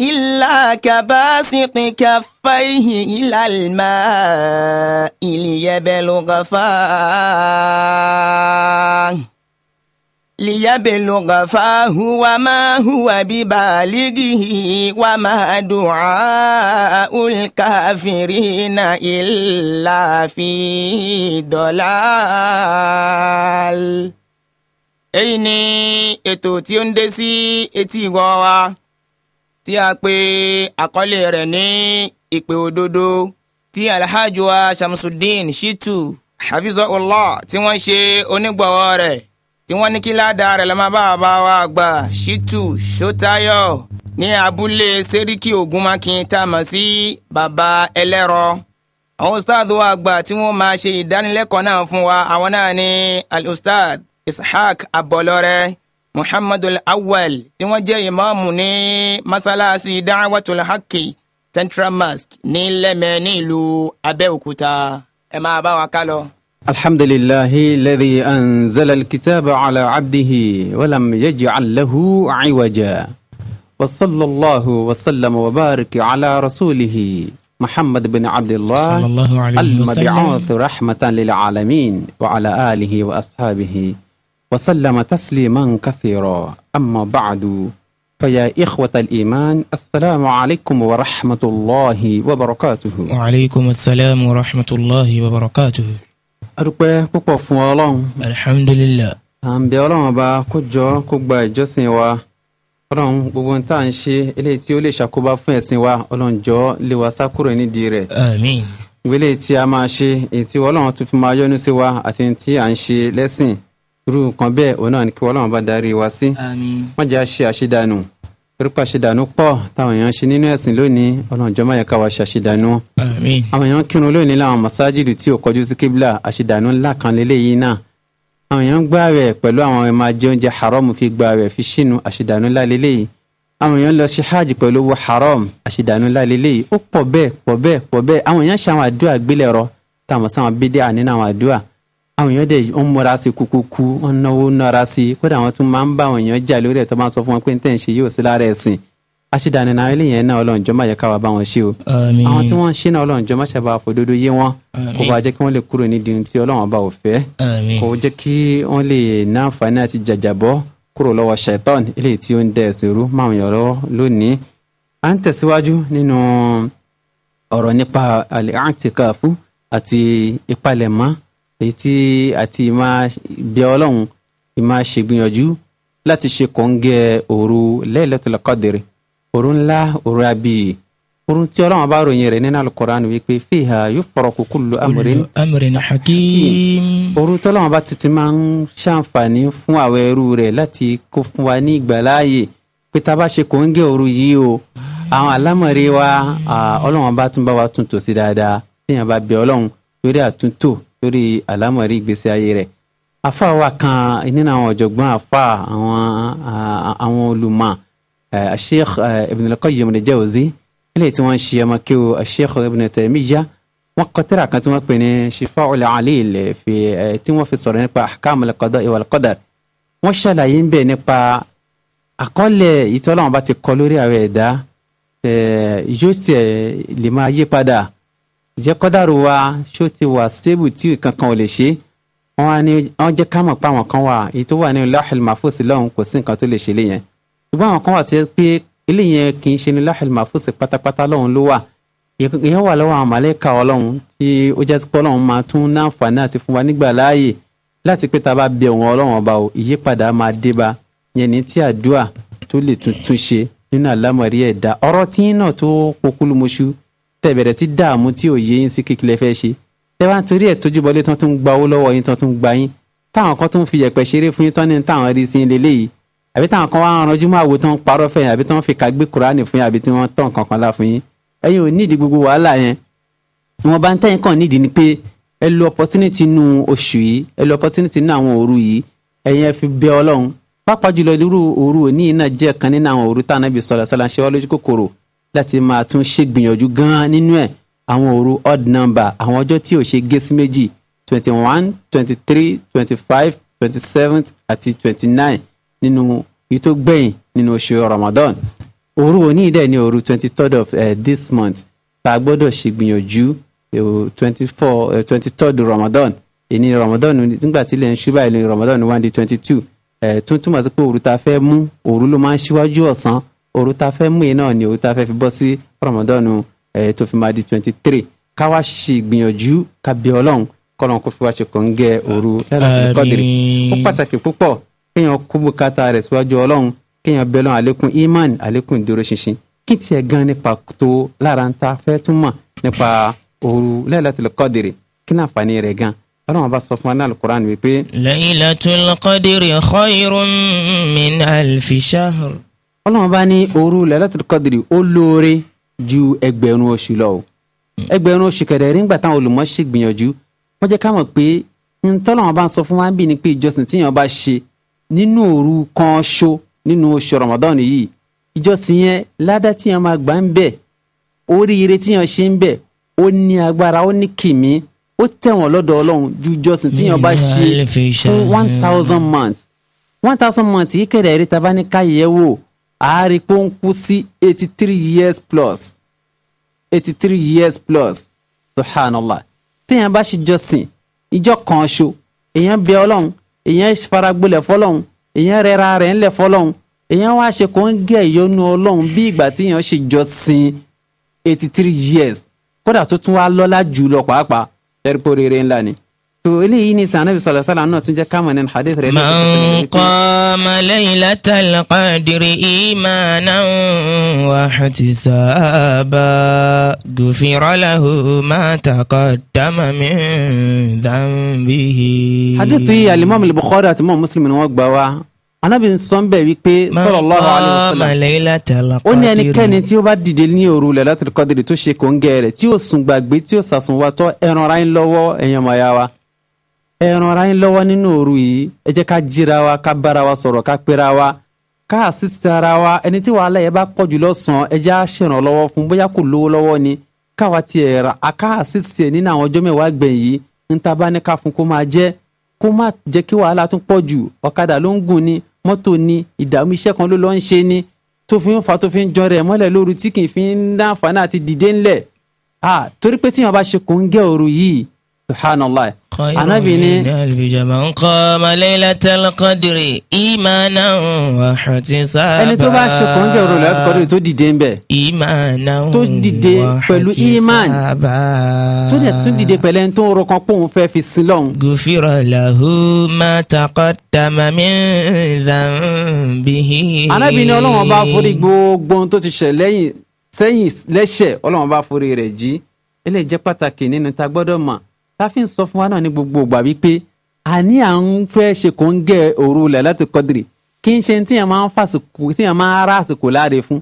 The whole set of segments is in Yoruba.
إلا كباسط كفيه إلى الماء ليبلغ فاه ليبلغ فاه وما هو ببالغه وما دعاء الكافرين إلا في ضلال èyí ni ètò tí ó ń dé sí etí ìgbọ́ wa tí a pè àkọlé rẹ̀ ní ìpè òdodo tí alhaji wa shamsuddin shitu hafizahullah tí wọ́n ṣe onígbọ̀wọ́ rẹ̀ tí wọ́n ní kí ládàá rẹ̀ lọ́mọ bàbá wa àgbà shitu shotayo ní abúlé seriki ogunmakin tá a mọ̀ sí baba ẹlẹ́rọ àwọn ustaad wa àgbà tí wọ́n máa ṣe ìdánilẹ́kọ̀ọ́ náà fún wa àwọn náà ní alustad ishaq abọlọrẹ muhammadul awwal tí wọ́n jẹ́ ìmáàmù ní masalasi da'watul haqqi central mosque ní lẹ́mẹ̀ ní ìlú abẹ́òkúta ẹ máa bá wa ká lọ. الحمد لله الذي أنزل الكتاب على عبده ولم يجعل له عوجا وصلى الله وسلم وبارك على رسوله محمد بن عبد الله صلى الله عليه وسلم المبعوث رحمة للعالمين وعلى آله وأصحابه وسلم تسليما كثيرا أما بعد فيا إخوة الإيمان السلام عليكم ورحمة الله وبركاته وعليكم السلام ورحمة الله وبركاته adúpẹ́ púpọ̀ fún ọlọ́run. alhamdulilah. à ń bẹ ọlọ́run ọba kó jọ gba ìjọsìn wa ọlọ́run gbogbo tá à ń ṣe eléyìí tí ó lè ṣàkóbá fún ẹ̀sìn wa ọlọ́run jọ lè wá sá kúrò nídìí rẹ̀. àmín. tí a máa ṣe èyí tí ọlọ́run tún fi máa yọ́nú sí wa àti tí à ń ṣe lẹ́sìn irú nǹkan bẹ́ẹ̀ òun náà ni kí Ọlọ́run bá darí wa sí wọ́n jẹ́ àṣe àṣedànù orúkọ àṣedànù pọ̀ táwọn èèyàn ṣe nínú ẹ̀sìn lónìí Ọlọ́run jọ̀ọ́ má yẹ ká wa ṣe àṣedànù àwọn èèyàn kírun lónìí láwọn masájìdù tí ò kọjú sí kíbla àṣedànù ńlá kan lélẹ́yìí náà àwọn èèyàn ń gbààwẹ̀ pẹ̀lú àwọn ẹ̀ jẹ oúnjẹ haram fi gbààwẹ̀ fi ṣìnú àṣedànù ńlá lélẹ́yìí àwọn èèyàn lọ sí hajj pẹ̀lú owó haram àṣìdànù ńlá lélẹ́yìí ó pọ̀ bẹ́ẹ̀ pọ̀ bẹ́ẹ̀ pọ̀ bẹ́ẹ̀ àwọn èèyàn ṣe àwọn àdúrà gbélẹ̀rọ táwọn sáwọn bídíà nínú àwọn àdúrà àwọn èèyàn dẹ̀ ń múra sí kúkúkú ń náwó nára sí kódà àwọn tún máa ń bá àwọn èèyàn jà lórí ẹ̀ tó máa ń sọ fún wọn pé ń tẹ̀ ń ṣe yóò sí lára ẹ̀sìn aṣídàáni náà eléyìí náà Ọlọ́run jọ má yẹ káwa bá wọn ṣe o àwọn tí wọ́n ń ṣe náà Ọlọ́run má ṣe wa fòdodo yé wọn kó bá jẹ́ kí wọ́n lè kúrò nídìí tí Ọlọ́run bá ò fẹ́ kó jẹ́ kí wọ́n lè ná àti jàjàbọ́ kúrò lọ́wọ́ ṣẹ̀tọ́n eléyìí tí ó ń dẹ̀ ẹ̀sìn rú máwọn èèyàn lọ́wọ́ lónìí à ń tẹ̀síwájú nínú ọ̀rọ̀ nípa àti ìpalẹ̀mọ́ èyí tí àti máa bí ọlọ́run máa ṣègbìyànjú láti ṣe kòńgẹ́ òru Laylatul Qadr òru ńlá òru abiyì òru tí ọlọ́run bá ròyìn rẹ̀ nínú Al-Qur'an wípé fiha yufaraqu kullu amrin hakim. òru tí ọlọ́run bá tètè máa ń ṣàǹfààní fún àwọn ẹrú rẹ̀ láti kó fún wa ní ìgbàláàyè pé tá a bá ṣe kòńgẹ́ òru yìí o àwọn alámọ̀rẹ́ wa ọlọ́run bá tún bá wa tún tò sí dáadáa lórí àlámọ̀rí ìgbésí ayé rẹ̀ afa wa kan nínú àwọn ọ̀jọ̀gbọ́n afa àwọn àwọn olùmọ̀ sheikh ibn al-Qayyim al-Jawzi ilé tí wọ́n ṣe ọmọ kí o sheikh ibn Taymiyyah wọ́n kọ tírà kan tí wọ́n pè ní Shifa'ul Alil fi tí wọ́n fi sọ̀rọ̀ nípa ahkamul iwa al qadar wọ́n ṣàlàyé ń bẹ nípa àkọọ́lẹ̀ ìtọ́lọ́wọ́n bá ti kọ lórí àwọn ẹ̀dá yóò tiẹ̀ lè máa yí padà jẹ́ kọ́dàrú wa ṣó ti wà stable tí kankan ò lè ṣe wọ́n á ní wọ́n jẹ́ ká mọ̀ pé àwọn kan wà èyí tó wà ní láhìl máfòsì lọ́hùn kò sí nǹkan tó lè ṣe lé yẹn ṣùgbọ́n àwọn kan wà tó yẹ pé ilé yẹn kì í ṣe ní láhìl máfòsì pátápátá lọ́hùn ló wà ìyẹn wà lọ́wọ́ àwọn màlẹ́kà ọlọ́hun tí ó jẹ́ pé ọlọ́hun máa tún náǹfààní àti fún wa nígbà láàyè láti pé tá bá bẹ òun ọlọ́hun ọba o ìyípadà máa dé ba yẹn ní tí àdúà tó lè tuntun ṣe nínú àlámọ̀rí ẹ̀dá ọ̀rọ̀ tí náà tó pokúlùmọ́ṣú tẹ́ bẹ̀rẹ̀ sí dààmú tí ò yé yín sí kí lẹ fẹ́ ṣe tẹ́ bá ń torí ẹ̀ tójú bọlé tán tún ń gba owó lọ́wọ́ yín tán tún ń gba yín táwọn kan tún ń fi yẹ̀pẹ̀ ṣeré fún yín tán ní táwọn rí sí leléyìí àbí táwọn kan wá ranjú mọ́ àwo tán ń parọ́ àbí tán fi kàgbé kuraani fún yín àbí tí wọ́n tán kankan lá fún yín ẹ̀yin ò nídìí gbogbo wàhálà yẹn wọn bá ń tẹ́yìn kàn nídìí ni pé ẹ lo opportunity inú oṣù yìí ẹ lo opportunity inú àwọn òru yìí ẹ̀yin ẹ fi bẹ ọlọ́run pàápàá jùlọ irú òru òní yìí náà jẹ́ kan nínú àwọn òru táwọn ẹbí sọ̀rọ̀ sọ̀rọ̀ ṣe wá lójú kòkòrò láti máa tún ṣègbìyànjú gan-an nínú ẹ̀ àwọn òru odd number àwọn ọjọ́ tí ò ṣe gé sí méjì twenty one twenty three twenty five twenty seven àti twenty nine nínú èyí tó gbẹ̀yìn nínú oṣù Ramadan òru òní dẹ̀ ni òru twenty third of uh, this month tá a gbọ́dọ̀ ṣègbìyànjú twenty eh, four twenty eh, third Ramadan èyí e Ramadan nígbà tí ilẹ̀ ń ṣú báyìí Ramadan one day twenty two tún túmọ̀ sí pé òru tá a fẹ́ mú òru ló máa ń ṣíwájú ọ̀sán òru ta fẹ́ mú yìí náà ni òru ta fẹ́ fi bọ́ sí rọmọdọ́nù tó fi máa di twenty three ká wá ṣe ìgbìyànjú ká bí ọlọ́run kọ́lọ́n kó fi wá ṣe kàn gẹ òru lẹ́yìn kọ́dìrì ó pàtàkì púpọ̀ kéèyàn kó bùkátà rẹ̀ síwájú ọlọ́run kéèyàn bẹ́ẹ̀ lọ́n àlékún iman àlékún ìdúróṣinṣin kí tiẹ̀ gan nípa tó lára ń ta fẹ́ tún mọ̀ nípa òru Laylatul Qadri kí náà fani rẹ̀ gan ọlọ́run bá sọ fún wa ní Al-Qur'an wípé. Laylatul Qadri khayrun min alfi shahr ọlọ́run bá ní òru lẹ́lẹ́tìrì kọ́dìrì ó lóore ju ẹgbẹ̀rún oṣù lọ o hmm. ẹgbẹ̀rún oṣù kẹ̀dẹ̀ nígbà táwọn olùmọ̀ ṣe gbìyànjú wọ́n jẹ́ ká mọ̀ pé ntọ́lọ́run bá ń sọ fún wa bí ni pé ìjọsìn tíyàn bá ṣe nínú òru kan ṣo nínú oṣù Ramadan yìí ìjọsìn yẹn ládá tíyàn máa gbà ń bẹ̀ oríire tíyàn ṣe ń bẹ̀ ó ní agbára ó ní kìmí ó tẹ̀wọ̀n lọ́dọ̀ ọlọ́run ju ìjọsìn tíyàn bá ṣe fún one thousand months one thousand months yìí kẹ̀dẹ̀ rí tabáníkà yẹ̀ wò àárí pé ó ń kú sí eighty three years plus eighty three years plus subhanallah téèyàn bá ṣe jọ́sìn ìjọ kan ṣo èèyàn bẹ ọlọ́run èèyàn faragbolẹ̀ fọlọ́run èèyàn rẹra rẹ̀ ńlẹ̀ fọlọ́run èèyàn wá ṣe kó ń gẹ̀ ìyọnu ọlọ́run bí ìgbà téèyàn ṣe jọ́sìn eighty three years kódà tó tún wá lọ́lá jù lọ pàápàá ẹ̀rí pé oríire ńlá ni to eléyìí ni sànà bisala sàlà náà tún jẹ kámọ nínú hadith rẹ. man qama laylatal qadri imanan wa ihtisaba gufira lahu ma taqaddama min dhanbihi. hadith yìí alimam al-bukhari àti imam muslim ni wọ́n gbà wá anabi nsọmbẹ wípé sallallahu alaihi wasallam ó ní ẹnikẹ́ni tí ó bá dìde ní òru Lailatul Qadri tó ṣe kòńgẹ́ rẹ̀ tí ó sùn gbàgbé tí ó sàsùn wàtọ́ ẹran ara ń wa ẹ ràn ara yín lọ́wọ́ nínú òru yìí ẹ wa ká bára wa sọ̀rọ̀ ká pera wa ká àsìsì ara wa ẹni tí wàhálà yẹn bá pọ̀ jù lọ́sàn-án ẹ jẹ́ á ṣèrànlọ́wọ́ fún bóyá kò lówó lọ́wọ́ ni káwa tiẹ̀ ra ká àsìsì ẹ̀ nínú àwọn ọjọ́ mẹ́wàá gbẹ̀yìn yìí ń ta bá ní ká fún kó máa jẹ́ kó má jẹ́ kí wàhálà tún pọ̀ jù ọ̀kadà ló ń gùn ni mọ́tò ni ìdààmú iṣẹ́ kan ló lọ́ ń ṣe ni tó fa tó fi ń jọ rẹ̀ mọ́lẹ̀ lóru tí kì í fi ń dáǹfààní àti dìde ńlẹ̀ ah torí pé tíyan bá subhanallah anabi ni. albijaman qama laylatal qadri imanan wa ihtisaban. ẹni tó bá ṣe kóńgẹ́ òru lẹ́yìn kọ́dúrì tó dìde ń bẹ̀. imanan wa ihtisaban. tó dìde pẹ̀lú iman. tó dẹ̀ tó dìde pẹ̀lú ẹni tó ń rokan pòun fẹ́ fi sin lọ́hùn. gufira lahu ma taqaddama min dhanbihi. anabi ni ọlọ́wọ́n bá forí gbogbo ohun tó ti ṣẹ̀ lẹ́yìn sẹ́yìn lẹ́ṣẹ̀ ọlọ́wọ́n bá forí rẹ̀ jí. eléyìí jẹ́ pàtàkì nínú ta gbọ́dọ̀ mọ̀ táfi ń sọ fún wa náà ní gbogbo ìgbà wípé àní à ń fẹ́ ṣe kò ń gẹ òru lẹ̀ láti kọ́dìrì kí n ṣe tíyàn máa ń fàsìkò tíyàn máa rà àsìkò láre fún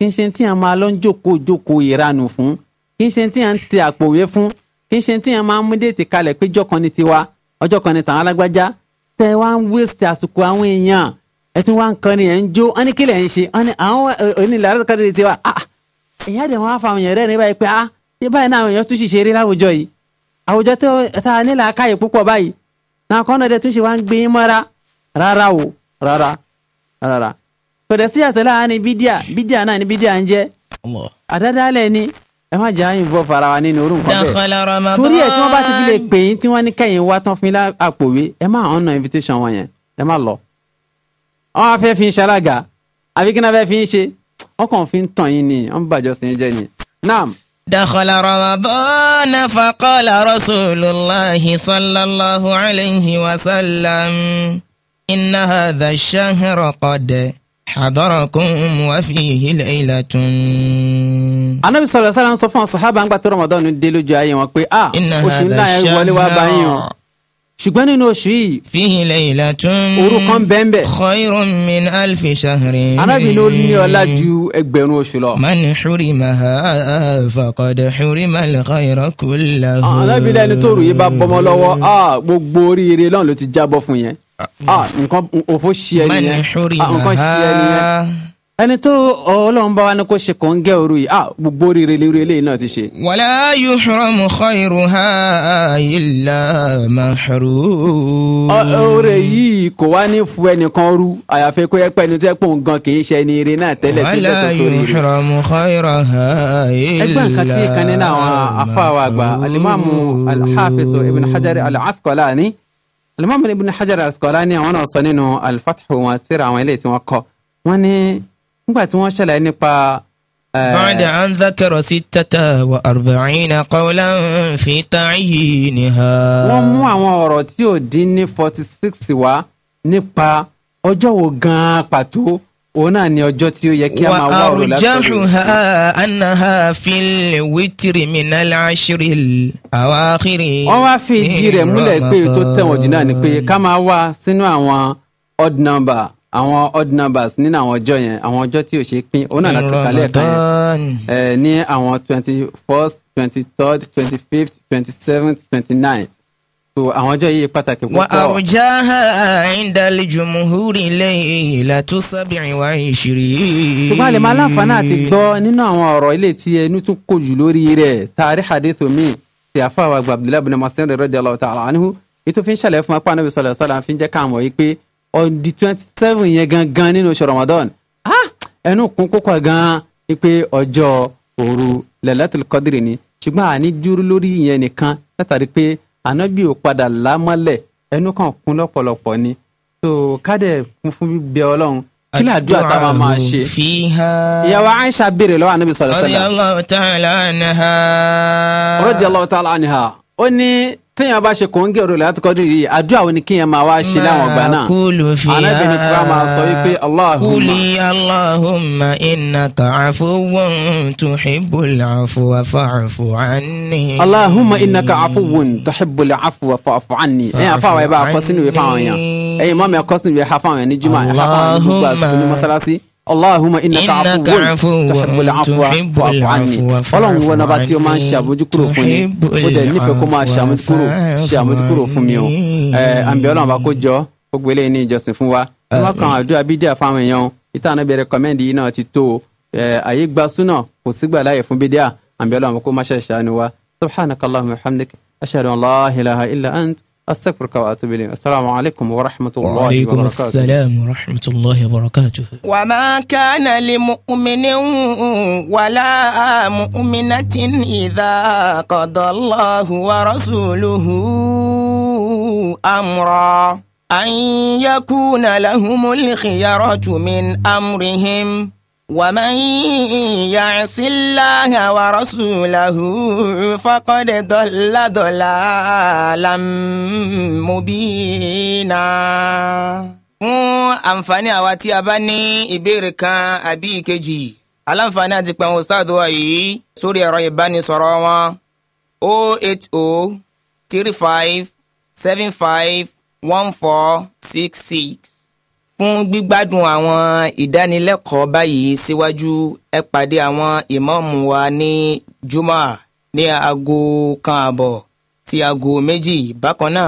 kí n ṣe tíyàn máa lọ ń jókòó jókòó ìranù fún kí n ṣe tíyàn ń tẹ àpòwé fún kí n ṣe tíyàn máa ń mú déètì kalẹ̀ pé ọjọ́ ni tiwa ọjọ́ kan ni tàwọn alágbájá tẹ wá ń wéṣẹ̀ àsìkò àwọn èèyàn ẹ tún wá ń kọrin ẹ̀ ń jó ọ́ ní kílẹ̀ ń ṣe ọ́ ní àwọn onílẹ̀ ah ìyá dẹ̀ wọ́n á fa àwọn èèyàn rẹ̀ ní báyìí pé ah, àwùjọ tá a ní làákàyè púpọ̀ báyìí náà kọ́nà dẹ̀ tún ṣe wá ń gbé mọ́ra rárá o rárá rárá kò dẹ̀ sí àtẹ láàárín bídíà bídíà náà ni bídíà ń jẹ́ àdádálẹ̀ ni ẹ má jẹ́ àyìn fara wa nínú orú nǹkan bẹ́ẹ̀ torí ẹ̀ tí wọ́n bá ti fi lè pè yín tí wọ́n ní kẹ́yìn invitation wọn yẹn ẹ má lọ. á fẹ́ fi ń ṣalága àbí kí fi ń ṣe ọkàn fi ń ni bàjọ́ sí ni. naam دخل رمضان فقال رسول الله صلى الله عليه وسلم إن هذا الشهر قد حضركم وفيه ليلة anabi sọlọ sọlọ ń sọ fún ọ sọ ha bá ń gbàtọ Ramadan dé lójú ayé wọn pé a oṣù ńlá yẹn wọlé wá báyìí o ṣùgbọ́n nínú oṣù yìí. fihi laylatun. òru kan bẹ́ẹ̀ bẹ́ẹ̀. khayrun min alfi shahrin. arábìnrin ó ní ọlá ju ẹgbẹ̀rún oṣù lọ. man hurimaha faqad hurima al-khayra kullahu. arábìnrin ah, ẹni tó rù yìí bá bọ́mọ lọ́wọ́ ah, gbogbo oríire lọ́n ló ti jábọ́ fún yẹn. Ah, nǹkan òfò ṣi ẹni yẹn. man hurimaha ẹni tó ọlọ́run bá wa ní kó ṣe kàn ń gẹ́ òru yìí ah gbogbo rere lórí eléyìí náà ti ṣe. wala yuhramu khayruha illa mahrum. ọ̀rẹ́ yìí kò wá ní fu ẹnìkan rú àyàfi kó yẹ pé ẹni tó yẹ pé òun gan kì í ṣe ẹni eré náà tẹ́lẹ̀ tó tẹ̀ tó sórí rẹ̀. wala yuhramu khayruha illa mahrum. ẹgbẹ́ nǹkan tí kan nínú àwọn afáwa àgbà alimami alhafiz ibn hajar al alimami ibn hajar al àwọn náà sọ nínú al wọn síra nígbà tí wọ́n ṣàlàyé nípa. ba'da an dhakara sittata wa arba'ina qawlan fi ta'yiniha. wọ́n mú àwọn ọ̀rọ̀ tí ò dín ní forty six wá nípa ọjọ́ wo gan-an pàtó òun náà ni ọjọ́ tí ó yẹ kí a máa wá ọ̀rọ̀ lásán. wà á rújáhùn ha annaha fil wítìrì minal ashiri awakhiri. wọ́n wá fi ìdí rẹ̀ múlẹ̀ pé tó tẹ̀wọ̀n jù náà ni pé ká máa wá sínú àwọn odd number àwọn odd numbers nínú àwọn ọjọ́ yẹn àwọn ọjọ́ tí ò ṣe pín òun náà láti kálẹ̀ ẹ̀ka yẹn ní àwọn twenty first twenty third twenty fifth twenty seventh twenty ninth so àwọn ọjọ́ yìí pàtàkì púpọ̀. wà á rújà ìdálẹ̀ jùmùhúrì lẹ́yìn ìlàtú sábìrin wa ìṣirí. ṣùgbọ́n àlè máa láǹfààní àti gbọ́ nínú àwọn ọ̀rọ̀ ilé tí ẹnu tún kò jù lórí rẹ̀ tààrí hadith omi ti àfàwà gbàgbé lábùnà masin rẹ̀ radiyallahu ta'ala ọdí twenty seven yẹn gangan nínú oṣù Ramadan ẹnu kún kókó gan pé ọjọ́ òru lẹ́lẹ́tìlì kọ́dìrì ni ṣùgbọ́n àní dúró lórí yẹn nìkan látàrí pé ànábì ò padà lámọ́lẹ̀ ẹnu kan kún lọ́pọ̀lọpọ̀ ni tó kádẹ̀ kún fún ọlọ́run kí làdúrà tá a máa máa ṣe. ìyàwó Aisha béèrè lọ́wọ́ ànábì sallallahu alaihi wasallam. radiyallahu ta'ala anha. ó ní téèyàn bá ṣe kòńgẹ́ òrò láti kọ́dún yìí àdúrà wo ni kéèyàn máa wá ṣe láwọn ọgbà náà. kúlù fi hàn anábìrin tí wàá máa sọ wípé aláhùnmá. kúlì aláhùnmá innaka àfọwọ́n tuhibbul afwa fa'fu anni. aláhùnmá innaka àfọwọ́n tuhibbul afwa fa'fu anni. ẹ̀yin àfa àwọn ẹ̀ bá a sínú ìwé fáwọn èèyàn ẹ̀yin mọ́ mi kọ́ sínú ìwé ha fáwọn èèyàn ní jùmọ̀ àfa àwọn èèyàn ní ní mọ́sálásí. Allahumma innaka afuwun tuhibbul afwa fa'fu anni ọlọ́run wọn náà bá tí o máa ń ṣe àmójúkúrò fún mi ó dẹ̀ nífẹ̀ẹ́ kó máa ṣe àmójúkúrò ṣe àmójúkúrò fún mi o àǹbí ọlọ́run bá kó jọ ó gbélé ní ìjọsìn fún wa wọn kàn àdúrà bídíà fáwọn èèyàn ìtàn náà bẹ̀rẹ̀ kọ́mẹ́ndì yìí náà ti tó o àyè gba súnà kò sígbà láàyè fún bídíà àǹbí ọlọ́run kó má ṣe ṣàánú wa subhanakallahumma wa hamdik ashhadu an ilaha illa ant أستغفرك وأتوب اليك السلام عليكم ورحمة الله وبركاته وعليكم السلام ورحمة الله وبركاته وما كان لمؤمن ولا مؤمنة إذا قضى الله ورسوله أمرا أن يكون لهم الخيرة من أمرهم ومن يعص الله ورسوله فقد ضل ضلالا مبينا. fún àǹfààní àwa tí a bá ní ìbéèrè kan àbí ìkejì aláǹfààní àti pẹ̀lú ustaadu wa yìí sórí ẹ̀rọ ìbánisọ̀rọ̀ wọn o oh eight o oh three fún gbígbádùn àwọn ìdánilẹ́kọ̀ọ́ báyìí síwájú ẹ pàdé àwọn ìmáàmù wa ní jumah ní aago kan àbọ̀ sí aago méjì bákan náà.